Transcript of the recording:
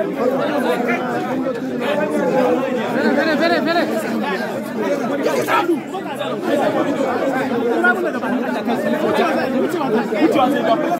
Vene, vene, vene. Vene.